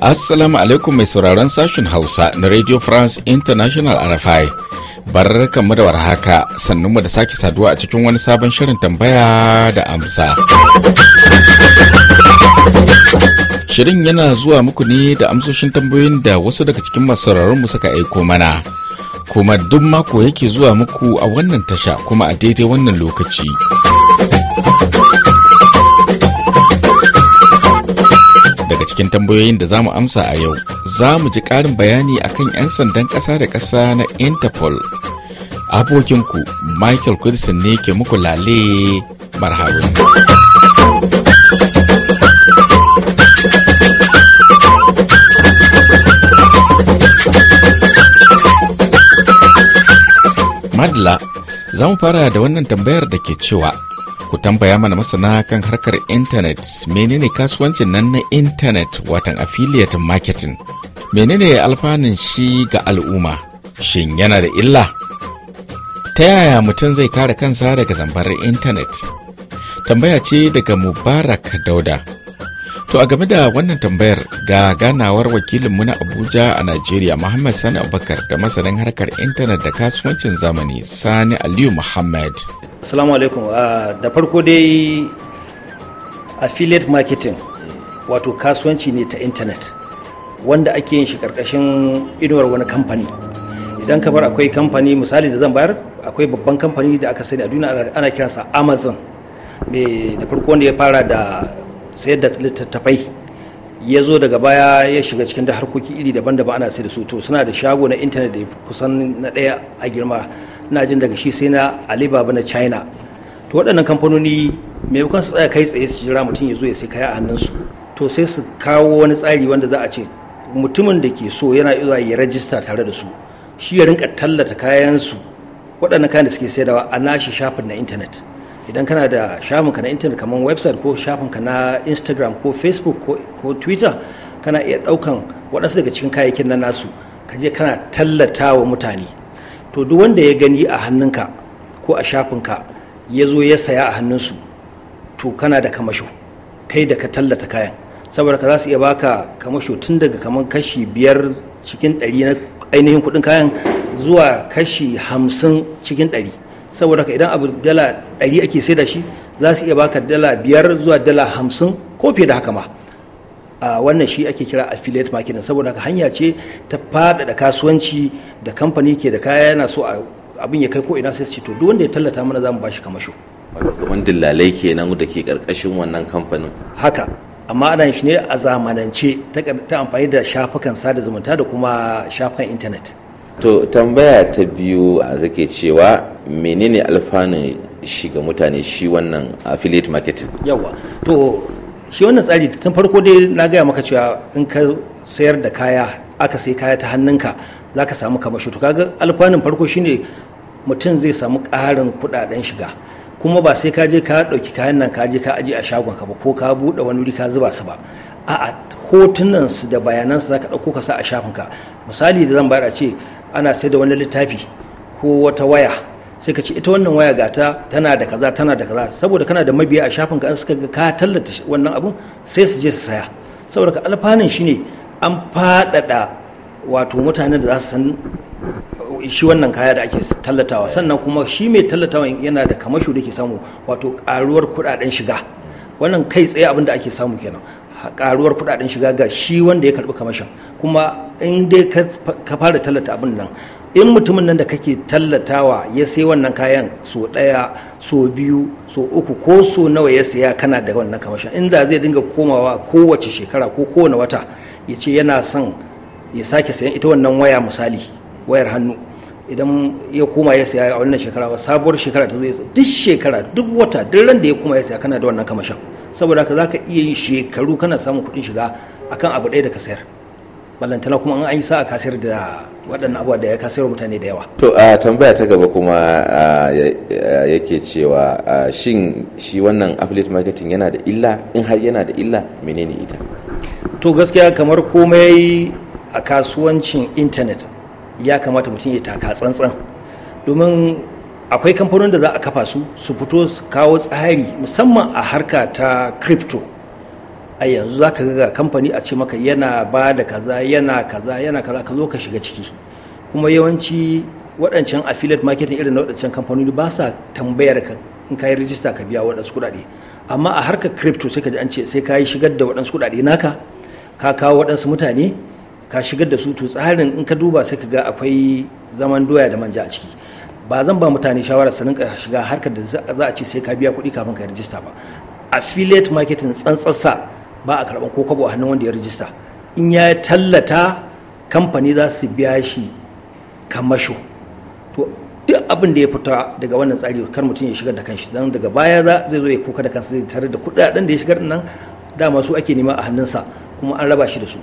Assalamu alaikum mai sauraron sashen Hausa na Radio France International RFI. barkan mu da warhaka sannan mu da sake saduwa a cikin wani sabon shirin tambaya da amsa shirin yana zuwa muku ne da amsoshin tambayoyin da wasu daga cikin masu mu suka aiko mana kuma duk mako yake zuwa muku a wannan tasha kuma a daidai wannan lokaci daga cikin tambayoyin da za mu amsa a yau za mu ji karin bayani akan 'yan sandan ƙasa da ƙasa na interpol abokinku michael kudisin ne ke muku lale marhaba madla za mu fara da wannan tambayar da ke cewa ku tambaya mana masana kan harkar intanet menene kasuwancin nan na intanet watan affiliate marketing menene alfanun shi ga al'umma shin yana da illa ta yaya mutum zai kare kansa daga zambarar intanet tambaya ce daga mubarak dauda to a game da wannan tambayar ga ganawar wakilinmu na abuja a nigeria muhammad sani abubakar da masanin harkar intanet da kasuwancin zamani sani aliyu muhammad assalamu alaikum ah, da farko dai affiliate marketing wato kasuwanci ne ta intanet wanda ake yin shi karkashin inuwar wani kamfani idan kamar akwai kamfani misali da zan bayar akwai babban kamfani da aka sani a duniya ana kiransa amazon mai da farko wanda ya fara da sayar da littattafai ya zo daga baya ya shiga cikin da harkoki iri daban-daban ana sai da su to suna da shago na intanet da kusan na ɗaya a girma na jin daga shi sai na alibaba na china to waɗannan kamfanoni maimakon su tsaya kai tsaye su jira mutum ya zo ya sai kaya a hannunsu to sai su kawo wani tsari wanda za a ce mutumin da ke so yana iya ya rajista tare da su shi ya rinka tallata kayansu waɗannan kayan da suke sayarwa a nashi shafin na intanet idan kana da shafin ka na intanet kamar website ko shafinka na instagram ko facebook ko twitter kana iya ɗaukan waɗansu daga cikin kayayyakin na nasu ka je kana tallata wa mutane to duk wanda ya gani a hannunka ko a ka ya zo ya saya a hannunsu to kana da kamasho kai da ka tallata kayan saboda ka za su iya baka kamasho tun daga kamar kashi biyar cikin ɗari na ainihin kuɗin kayan zuwa kashi hamsin cikin ɗari saboda ka idan abu dala ɗari ake sai da shi za su iya baka dala biyar zuwa dala hamsin ko fiye da haka ma a wannan shi ake kira affiliate marketing saboda ka hanya ce ta faɗaɗa kasuwanci da kamfani ke da kaya yana so abin ya kai ko ina sai su ce to duk wanda ya tallata mana za mu bashi kamasho kamar dillalai kenan da ke karkashin wannan kamfanin haka amma ana shi ne a zamanance ta amfani da shafukan sada zumunta da kuma shafukan intanet to tambaya ta biyu a zake cewa menene alfanun shi ga mutane shi wannan affiliate marketing yawa to shi wannan tsari tun farko dai na gaya maka cewa in ka sayar da kaya aka sai kaya ta hannunka za ka samu shi to kaga alfanun farko shine mutum zai samu ƙarin kuɗaɗen shiga kuma ba sai ka je ka ɗauki kayan nan ka je ka aje a shagon ka ba ko ka buɗe wani wuri ka zuba su ba a'a hotunan su da bayanan su za ka ɗauko ka sa a shafin ka misali da zan bayar a ce ana sai da wani littafi ko wata waya sai ka ce ita wannan waya gata tana da kaza tana da kaza saboda kana da mabiya a shafin ka suka ga ka tallata wannan abun sai su je su saya saboda ka alfanun shine an faɗaɗa wato mutanen da za su san shi wannan kaya da ake tallatawa sannan kuma shi mai tallatawa yana da kamasho da ke samu wato karuwar kuɗaɗen shiga wannan kai tsaye abin da ake samu kenan karuwar kudaden shiga ga shi wanda ya karbi kamashin kuma in dai ka fara tallata abin nan in mutumin nan da kake tallatawa ya sai wannan kayan so ɗaya so biyu so uku ko so nawa ya saya kana da wannan kamashin inda zai dinga komawa kowace shekara ko kowane wata ya ce yana son ya sake sayan ita wannan waya misali wayar hannu idan ya koma ya saya a wannan shekara sabuwar shekara ta zo duk shekara duk wata duk ran da ya koma ya saya kana da wannan kamashin saboda ka zaka iya yi shekaru kana samun kuɗin shiga akan abu ɗaya da ka sayar ballantana kuma an yi sa'a kasar da waɗannan abuwa da ya kasar mutane da yawa to a tambaya ta gaba kuma yake cewa shin shi wannan affiliate marketing yana da illa in har yana da illa menene ita to gaskiya kamar komai a kasuwancin intanet ya kamata mutum ya taka tsantsan domin akwai kamfanonin da za a kafa su su fito su kawo tsari musamman a harka ta crypto a yanzu za ka ga kamfani a ce maka yana ba da kaza yana kaza yana kaza ka zo ka shiga ciki kuma yawanci waɗancan affiliate marketing irin na waɗancan kamfanoni ba sa tambayar ka in ka yi rijista ka biya waɗansu kuɗaɗe amma a harka crypto sai ka ji an ce sai ka yi shigar da waɗansu kuɗaɗe naka ka kawo waɗansu mutane ka shigar da su to tsarin in ka duba sai ka ga akwai zaman doya da manja a ciki ba zan ba mutane shawarar sanin ka shiga harkar da za a ce sai ka biya kuɗi kafin ka rijista ba affiliate marketing tsantsarsa ba a karɓar ko kabo a hannun wanda ya rijista in ya tallata kamfani za su biya shi kamasho to duk abin da ya fita daga wannan tsari kar mutum ya shigar da kanshi don daga baya za zai zo ya kuka da kansa zai tare da kuɗaɗen da ya shigar nan dama su ake nema a hannunsa kuma an raba shi da su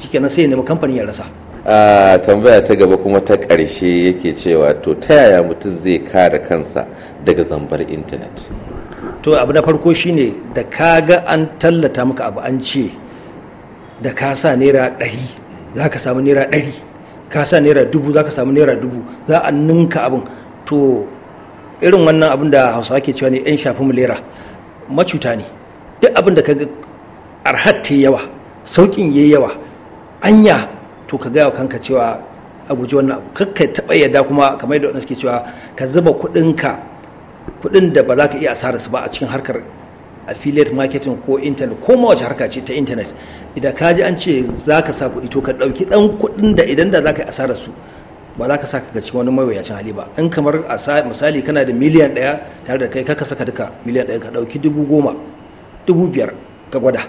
shikenan sai ya nemi kamfanin ya rasa a tambaya ta gaba kuma ta ƙarshe yake cewa to ta yaya mutum zai kare kansa daga zambar intanet to abu na farko shine da ka ga an tallata maka abu an ce da ka sa naira ɗari za ka samu naira ɗari ka sa naira dubu za ka samu naira dubu za a ninka abin to irin wannan abin da Hausa ke cewa ne 'yan shafi Lera. macuta ne duk abin da ka ga arhat yawa sauƙin yayi yawa anya to ka gaya wa kanka cewa a guji wannan abu kai taɓa yadda kuma kamar yadda wani suke cewa ka zuba kuɗinka kuɗin da ba za ka iya asararsu ba a cikin harkar affiliate marketing ko internet ko ma wace harka ce ta internet idan ka ji an ce za ka sa kuɗi to ka ɗauki ɗan kuɗin da idan da za ka yi asarar su ba za ka sa ka cikin wani mawuyacin hali ba in kamar misali kana da miliyan ɗaya tare da kai ka saka duka miliyan ɗaya ka ɗauki dubu goma dubu biyar ka gwada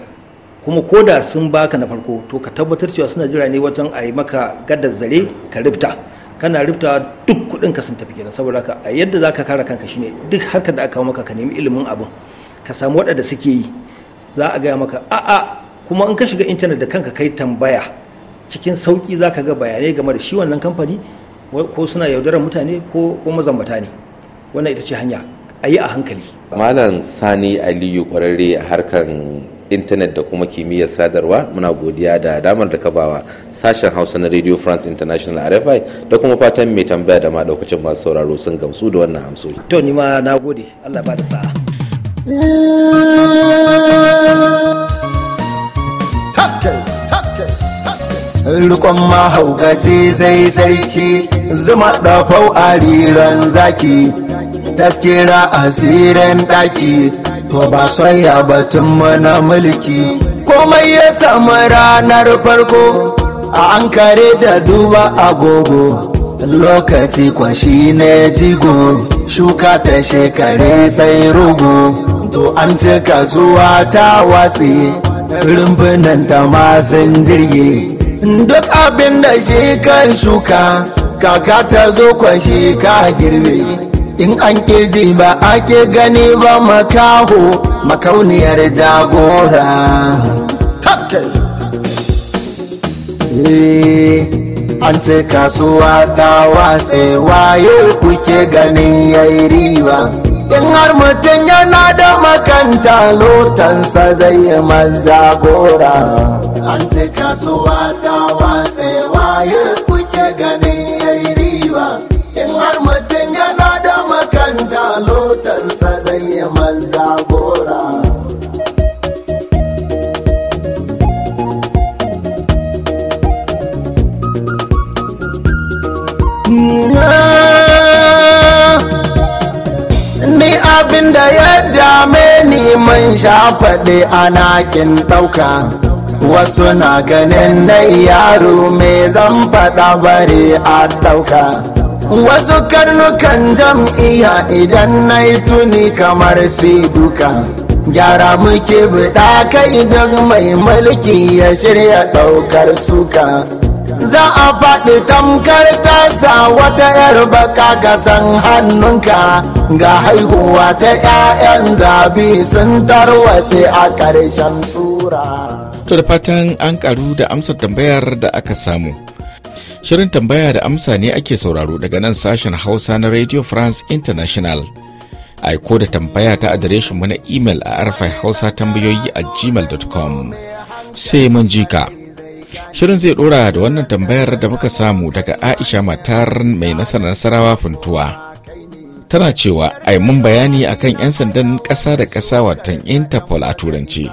kuma ko da sun baka na farko to ka tabbatar cewa suna jira ne wajen a yi maka gadar zare ka rifta kana rifta duk kuɗin ka sun tafi kenan saboda ka a yadda za ka kare kanka shine duk harkar da aka kawo maka ka nemi ilimin abin ka samu waɗanda suke yi za a gaya maka a'a kuma in ka shiga intanet da kanka kai tambaya cikin sauki za ka ga bayanai game da shi wannan kamfani ko suna yaudarar mutane ko mazambata ne wannan ita ce hanya a yi a hankali malam sani aliyu kwararre a harkan intanet da kuma kimiyyar sadarwa muna godiya da damar da kabawa sashen hausa na radio france international rfi da kuma fatan mai tambaya da ma masu sauraro sun gamsu da wannan amsoki. to ni ma na gode allah ba da sa'a Rukon mahaukaci zai sarki zuma ɗafau a riran zaki taskira a asirin ɗaki to ba soyayya batun mana mulki komai ya samu ranar farko a an kare da duba agogo lokaci kwashi na jigo shuka ta shekare sai rugu to an ci kasuwa ta watsi rumbunan ta masin jirgi duk abin da shi kan shuka kaka ta zo kwashi ka girbe in an ke ji ba ake gani ba makaho makauniyar jagora eh, an ce kasuwa ta watse waye kuke ganin yayi riba in har mutum yana da makanta lotansa zai yi mazagora an ce kasuwa ta watse waye mun shafaɗe faɗi ana kin ɗauka wasu na ganin na yaro mai zan faɗa bare a ɗauka wasu karnukan jam'iyya idan na yi tuni kamar su duka gyara muke buɗa kai duk mai mulki ya shirya ɗaukar suka za a faɗi tamkar tasa wata 'yar baka ga san hannunka ga haihuwa ta 'ya'yan zabi sun tarwatse a ƙarshen sura. to da fatan an karu da amsar tambayar da aka samu shirin tambaya da amsa ne ake sauraro daga nan sashen hausa na radio france international aiko da tambaya ta adireshinmu na imel a arfa hausa tambayoyi a gmail.com sai mun jika. Shirin zai ɗora da wannan tambayar da muka samu daga Aisha matar mai nasarar nasarawa funtuwa. Tana cewa ai mun bayani akan 'yan sandan ƙasa da ƙasa watan Interpol a turanci.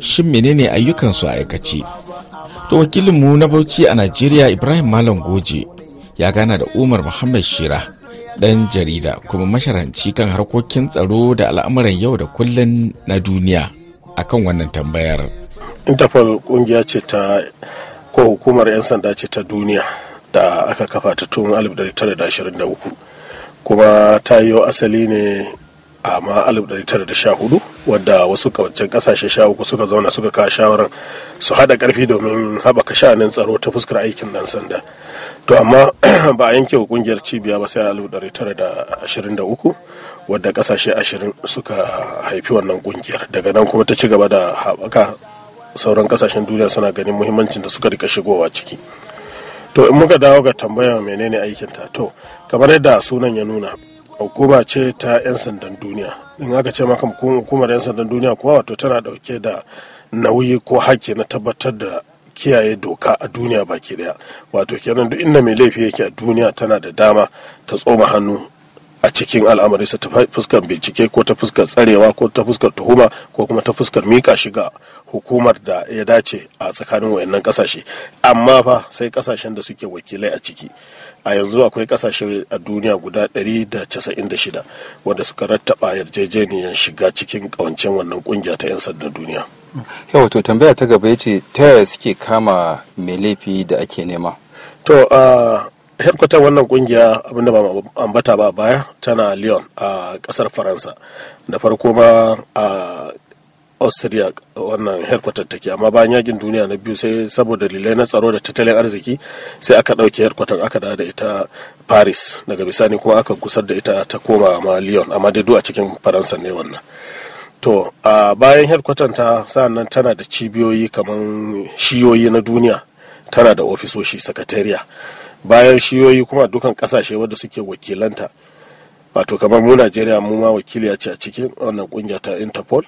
Shin menene ayyukansu a aikace? To wakilinmu na Bauchi a Najeriya Ibrahim Malam Goje ya gana da Umar Muhammad Shira. ɗan jarida kuma masharanci kan harkokin tsaro da al'amuran yau da kullun na duniya akan wannan tambayar. interpol kungiya ce ta ko hukumar 'yan sanda ce ta duniya da aka kafa ta tun 1923 kuma ta yi asali ne a ma 1914 wadda wasu kawancin kasashe sha uku suka zauna suka kawo shawarar su hada karfi domin haɓaka sha'anin tsaro ta fuskar aikin dan sanda to amma ba a yanke wa kungiyar cibiya ba sai a 1923 wadda kasashe ashirin suka haifi wannan kungiyar daga nan kuma ta ci gaba da haɓaka sauran kasashen duniya suna ganin muhimmancin da suka rika shigowa ciki to in muka dawo ga tambaya menene aikin ta to kamar yadda sunan ya nuna hukuma ce ta 'yan sandan duniya in aka ce maka hukumar 'yan sandan duniya kuma wato tana dauke da nauyi ko haƙƙi na tabbatar da kiyaye doka a duniya baki daya wato kenan duk inda mai laifi yake a duniya tana da dama ta tsoma hannu a cikin al'amari su ta fuskar bincike ko ta fuskar tsarewa ko ta fuskar tuhuma ko kuma ta fuskar mika shiga hukumar da ya dace a tsakanin wayannan kasashe amma fa sai kasashen da suke wakilai a ciki a yanzu akwai kasashe a duniya guda 196 wanda suka rattaba yarjejeniyar shiga cikin kawancin wannan kungiya ta 'yan sanda duniya yau to tambaya ta gaba ya ce ta yaya suke kama mai laifi da ake nema to ah, herkwatar wannan kungiya abinda ba ambata ba baya tana lyon a kasar faransa da farko ma a austria wannan herkwatar take amma bayan yakin duniya na biyu sai saboda dalilai na tsaro da tattalin arziki sai aka ɗauke herkwatar aka da da ita paris daga bisani kuma aka gusar da ita ta koma ma lyon amma dai duk a cikin faransa ne wannan to a bayan herkwatar ta nan tana da cibiyoyi kamar shiyoyi na duniya tana da ofisoshi sakatariya bayan shiyoyi kuma dukan kasashe wadda suke wakilanta wato kamar mu najeriya mu ma wakiliya ce a cikin wannan kungiya ta interpol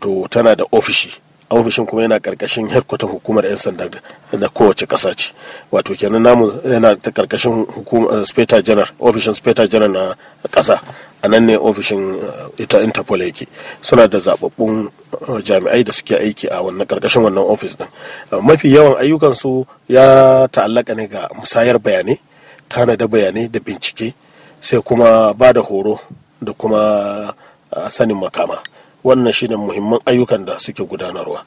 to tana da ofishi ofishin kuma yana karkashin headquarter hukumar 'yan sanda na kowace ƙasa ce wato kenan namu yana ta karkashin eh, speta general ofishin speta general na ƙasa a nan ne ofishin eh, ita interpol yake suna da zababbun eh, jami'ai da suke aiki a wannan karkashin wannan ofis din mafi yawan ayyukansu ya ta'allaka ne ga musayar bayanai tanada bayanai da bincike sai kuma ba da horo da kuma sanin makama wannan shine muhimman ayyukan da suke gudanarwa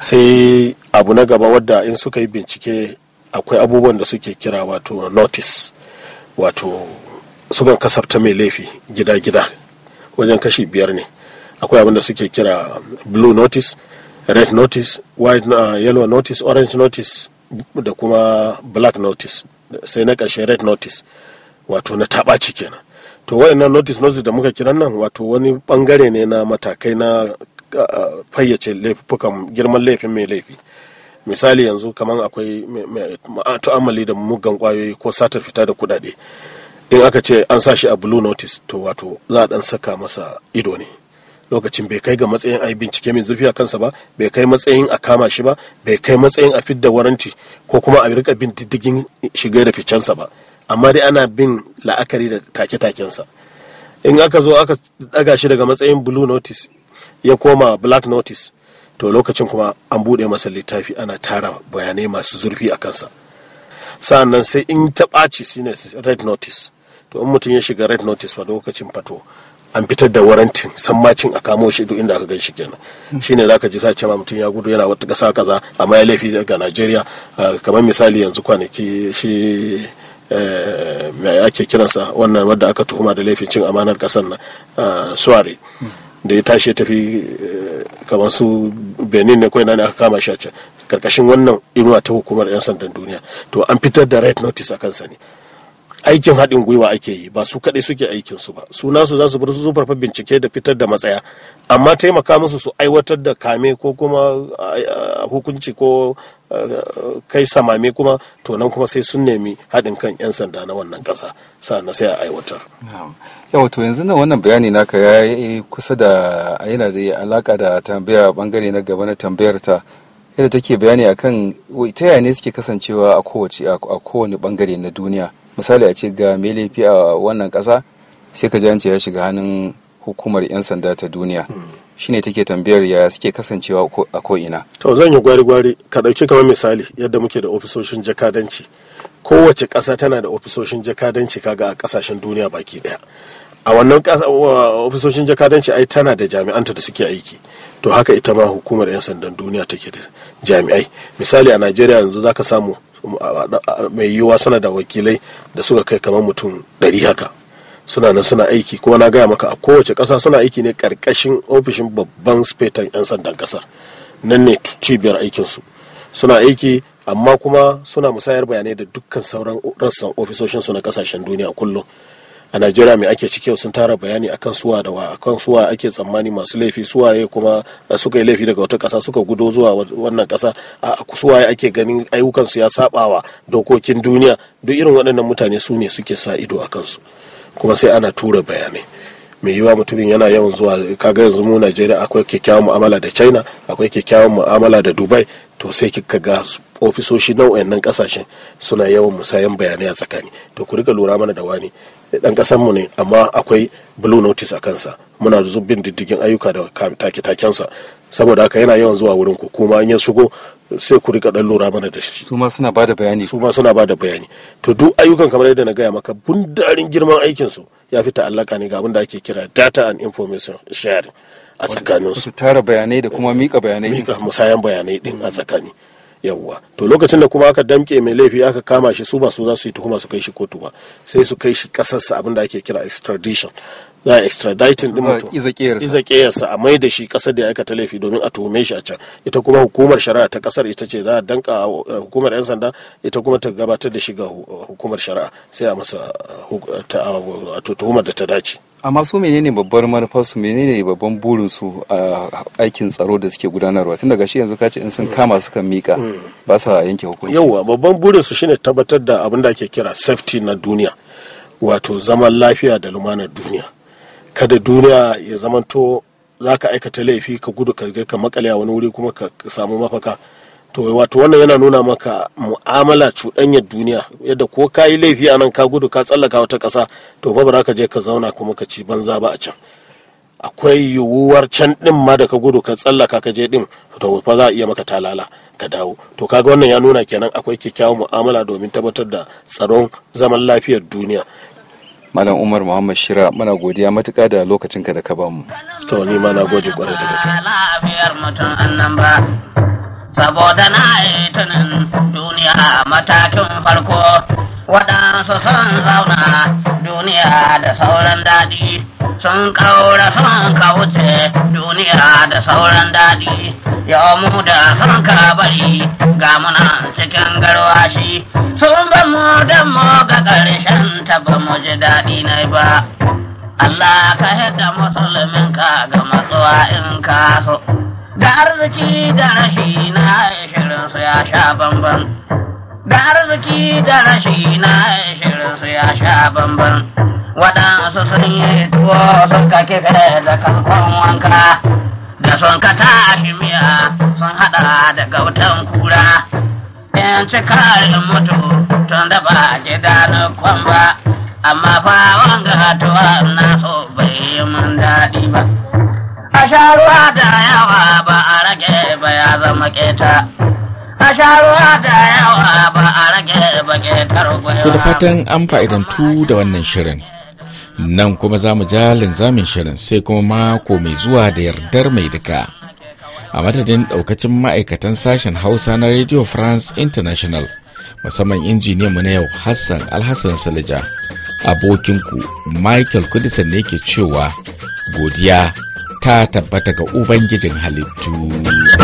sai abu na gaba wadda in suka yi bincike akwai abubuwan da suke kira wato notice wato sukan kasafta mai laifi gida-gida wajen kashi biyar ne akwai abin da suke kira blue notice red notice white uh, yellow notice orange notice da kuma black notice sai na ƙarshe red notice wato na taɓaci kenan to na notice notice da muka kiran nan wato wani bangare ne na matakai na ah, ah, fayyace laifukan girman laifin mai laifi misali yanzu kamar akwai ta'amali da muggan kwayoyi ko satar fita da kudade in aka ce an sa shi a blue notice to wato za a dan saka masa ido ne lokacin bai kai ga matsayin a bincike mai zurfi a kansa ba bai kai matsayin a kama shi ba bai kai matsayin a fidda waranti ko kuma a rika bin diddigin shiga da ficensa ba amma dai ana bin la'akari da take-takensa in aka zo aka daga shi daga matsayin blue notice ya koma black notice to lokacin kuma an buɗe masa littafi ana tara bayanai masu zurfi a kansa sa'annan sai in ta ɓaci shine red notice to in mutum ya shiga red notice ba lokacin fato an fitar da warantin sammacin a kamo shi duk inda aka gan shi kenan hmm. shine zaka ji sa cewa mutum ya gudu yana wata kasa kaza amma ya laifi daga Najeriya ah, kamar misali yanzu kwanaki shi Eh, mai ake kiransa wannan wadda aka tuhuma da laifin cin amanar kasar na ah, suware da ya tashi tafi eh, kamar su benin ne kawai ne aka kama shi a can karkashin wannan inuwa ta hukumar 'yan sandan duniya to an fitar da right notice a kansa ne aikin haɗin gwiwa ake yi ba su kaɗai suke aikin su ba su nasu za su bar su zurfafa bincike da fitar da matsaya amma taimaka musu su aiwatar da kame ko kuma eh, eh, hukunci ko eh, kai samame kuma to nan kuma sai sun nemi haɗin kan 'yan sanda na wannan ƙasa na sai a aiwatar yawa to yanzu na wannan bayani naka ya yi kusa da yana da alaka da tambaya bangare na gaba na tambayar ta yadda take bayani akan ta yaya ne suke kasancewa a kowace a kowane bangare na duniya misali a ce ga mai laifi a wannan ƙasa sai ka jance ya shiga hannun hukumar 'yan sanda ta duniya shine take tambayar ya suke kasancewa a ko'ina to zan yi gwari-gwari ka ɗauki kamar misali yadda muke da ofisoshin jakadanci kowace ƙasa tana da ofisoshin jakadanci kaga a ƙasashen duniya baki ɗaya a wannan ofisoshin jakadanci ai tana da jami'anta da suke aiki to haka ita ma hukumar 'yan sandan duniya take da jami'ai misali a najeriya yanzu zaka samu mai yiwuwa suna da wakilai da suka kai kamar mutum ɗari haka suna nan suna aiki kuma na gaya maka a kowace ƙasa suna aiki ne ƙarƙashin ofishin babban spetan 'yan sandan ƙasar nan ne cibiyar aikinsu suna aiki amma kuma suna musayar bayanai da dukkan sauran rassan ofisoshinsu na ƙasashen duniya kullum a najeriya mai ake ciki sun tara bayani akan suwa da wa akan suwa ake tsammani masu laifi suwaye kuma eh, suka yi laifi daga wata kasa suka gudo zuwa wannan kasa a suwaye ake ganin ayyukan su ya sabawa dokokin duniya duk irin waɗannan mutane su ne suke sa ido a kansu kuma sai ana tura bayanai mai yiwa mutumin yana yawan zuwa kaga yanzu mu Najeriya akwai kyakkyawan mu'amala da China akwai kyakkyawan mu'amala da Dubai to sai kika ga ofisoshi nau'in nan kasashe suna yawan musayan bayanai a tsakani to ku riga lura mana da wani dan mu ne amma akwai blue notice a kansa muna zubin diddigin ayyuka da take-takensa saboda haka yana yawan zuwa wurin ku kuma an ya shigo sai ku rika dan lura mana da shi su ma suna bada bayani su ma suna bada bayani to duk ayyukan kamar yadda na gaya maka bundarin girman aikin su ya fi ta'allaka ne ga abin da ake kira data and information sharing a tsakanin su tara bayanai da kuma mika bayanai mika musayan bayanai din a tsakani yawwa to lokacin da kuma aka damke mai laifi aka kama shi su ba su za su yi tuhuma su kai shi kotu ba sai su kai shi kasarsa abin da ake kira extradition za a extraditing din mutum iza kiyarsa a mai da shi kasar da ya aikata laifi domin a tuhume shi a can ita kuma hukumar shari'a ta kasar ita ce za a danka eh, hukumar yan sanda ita kuma ta gabatar da shi ga hukumar shari'a sai a masa eh, eh, tuhumar da ta dace amma su menene babbar manufar su menene babban burin su a aikin tsaro da suke gudanarwa tun daga shi yanzu ka ce in sun kama su mika hmm. ba sa yanke hukunci yawa babban burin su shine tabbatar da abin da ake kira safety na duniya wato zaman lafiya da lumanar duniya kada duniya ya zamanto za ka aikata laifi ka gudu ka je ka makale a wani wuri kuma ka samu mafaka to wato wannan yana nuna maka mu'amala cuɗanyar duniya yadda ko ka yi laifi a nan ka gudu ka tsallaka wata ƙasa to ba za ka je ka zauna kuma ka ci banza ba a can akwai yiwuwar can ɗin ma da ka gudu ka tsallaka ka je ɗin to fa za a iya maka talala ka dawo to kaga wannan ya nuna kenan akwai kyakkyawan mu'amala domin tabbatar da tsaron zaman lafiyar duniya Malam Umar Muhammad Shira muna godiya matuƙa da lokacin ka da ka bamu. To ni ma na gode kwarai da gaske. Lafiyar mutum annan ba saboda na yi tunin duniya matakin farko waɗansu sun zauna duniya da sauran daɗi sun ƙaura sun kauce duniya da sauran daɗi mu da hanka bari ga muna cikin garwashi sun ba mu da mu ga ƙarshen taba mu ji daɗi na ba Allah ka hada musulmin ka ga matsuwa in ka so da arziki da rashi na shirin su ya sha bamban da arziki da rashi na shirin su ya sha bamban waɗansu sun yi tuwo sun kake da kankan wanka da son ka tashi miya sun hada da gautan kura in cikar mutu tun da ba gida na kwamba amma fa wanga tuwa na so bai yi mun daɗi ba a sha ruwa da yawa ba a rage ba ya zama keta a sha ruwa da yawa ba a rage ba ketar gwaiwa to da fatan an fa'idantu da wannan shirin nan kuma za mu ja linzamin shirin sai kuma mako mai zuwa da yardar mai duka a madadin daukacin ma'aikatan sashen hausa na radio france international musamman injiniyanmu na yau hassan alhassan salija abokinku michael kudisan ne ke cewa godiya ta tabbata ga ubangijin halittu